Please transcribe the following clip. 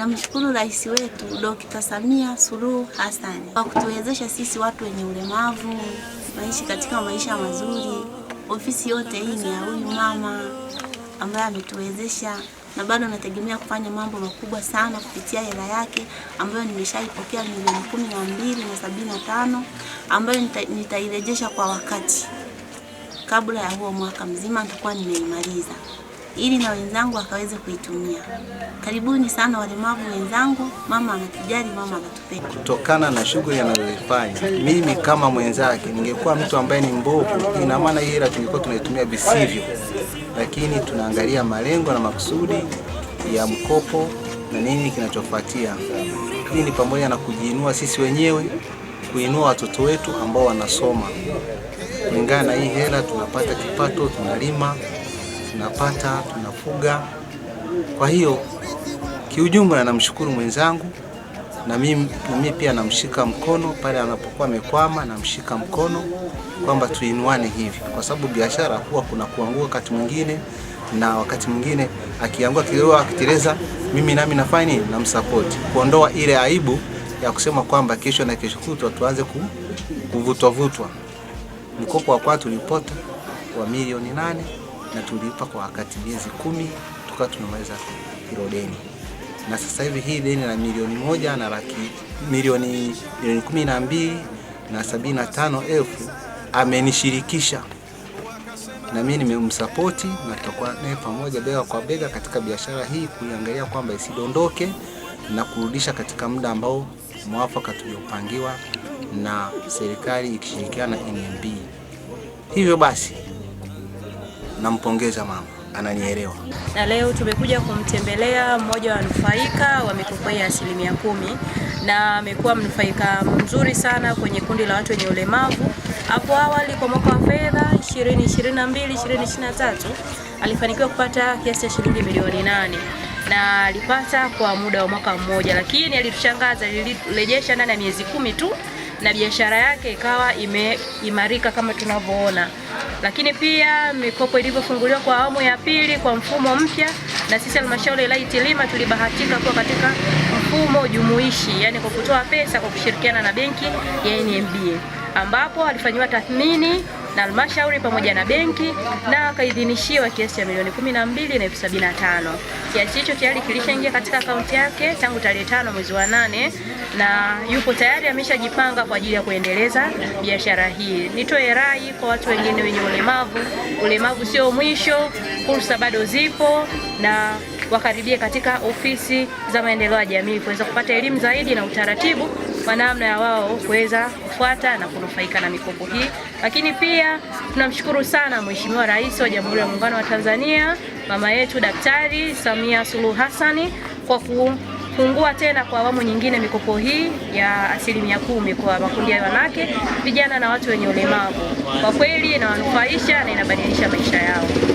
Namshukuru rais wetu Dr. Samia Suluhu Hassan kwa kutuwezesha sisi watu wenye ulemavu maishi katika maisha mazuri. Ofisi yote hii ni ya huyu mama ambaye ametuwezesha, na bado anategemea kufanya mambo makubwa sana kupitia hela yake ambayo nimeshaipokea milioni kumi na mbili na sabini na tano ambayo nitairejesha kwa wakati. Kabla ya huo mwaka mzima nitakuwa nimeimaliza ili na wenzangu wakaweze kuitumia. Karibuni sana walemavu wenzangu, mama anatujali, mama anatupenda. Kutokana na shughuli anazoifanya mimi kama mwenzake ningekuwa mtu ambaye ni mbovu, ina maana hii hela tungekuwa tunaitumia visivyo, lakini tunaangalia malengo na makusudi ya mkopo na nini kinachofuatia. Hii ni pamoja na kujiinua sisi wenyewe, kuinua watoto wetu ambao wanasoma. Kulingana na hii hela tunapata kipato, tunalima tunapata, tunafuga. Kwa hiyo kiujumla, namshukuru mwenzangu na mimi, na mimi pia namshika mkono pale anapokuwa amekwama, namshika mkono kwamba tuinuane hivi, kwa sababu biashara huwa kuna kuanguka wakati mwingine, na wakati mwingine akiangua kidogo, akiteleza, mimi nami nafanya nini? Namsapoti kuondoa ile aibu ya kusema kwamba kesho na kesho kutwa tuanze kuvutwa vutwa. Mkopo wa kwatu ulipota wa milioni nane na tulipa kwa wakati miezi kumi tukawa tunamaliza hilo deni, na sasa hivi hii deni la milioni moja na laki milioni milioni kumi na mbili na sabini na tano elfu amenishirikisha na mimi nimemsapoti na tutakuwa naye pamoja bega kwa bega katika biashara hii kuiangalia kwamba isidondoke na kurudisha katika muda ambao mwafaka tuliopangiwa na serikali ikishirikiana na NMB. Hivyo basi nampongeza mama, ananielewa. Na leo tumekuja kumtembelea mmoja wa nufaika wa mikopo ya asilimia kumi, na amekuwa mnufaika mzuri sana kwenye kundi la watu wenye ulemavu. Hapo awali kwa mwaka wa fedha 2022 2023 alifanikiwa kupata kiasi cha shilingi milioni nane na alipata kwa muda wa mwaka mmoja, lakini alitushangaza, lilirejesha ndani ya miezi kumi tu na biashara yake ikawa imeimarika kama tunavyoona. Lakini pia mikopo ilivyofunguliwa kwa awamu ya pili kwa mfumo mpya, na sisi halmashauri ya wilaya Itilima tulibahatika kuwa katika mfumo jumuishi, yani kwa kutoa pesa kwa kushirikiana na benki ya nmb ambapo alifanyiwa tathmini na halmashauri pamoja na benki na akaidhinishiwa kiasi ya milioni kumi na mbili na elfu sabini na tano. Kiasi hicho tayari kilishaingia katika akaunti yake tangu tarehe tano mwezi wa nane na yupo tayari ameshajipanga kwa ajili ya kuendeleza biashara hii. Nitoe rai kwa watu wengine wenye ulemavu, ulemavu sio mwisho, fursa bado zipo na wakaribie katika ofisi za maendeleo ya jamii kuweza kupata elimu zaidi na utaratibu kwa namna ya wao kuweza kufuata na kunufaika na mikopo hii. Lakini pia tunamshukuru sana Mheshimiwa Rais wa Jamhuri ya Muungano wa Tanzania, mama yetu Daktari Samia Suluhu Hassani kwa ku fungua tena kwa awamu nyingine mikopo hii ya asilimia kumi kwa makundi ya wanawake, vijana na watu wenye ulemavu. Kwa kweli inawanufaisha na inabadilisha maisha yao.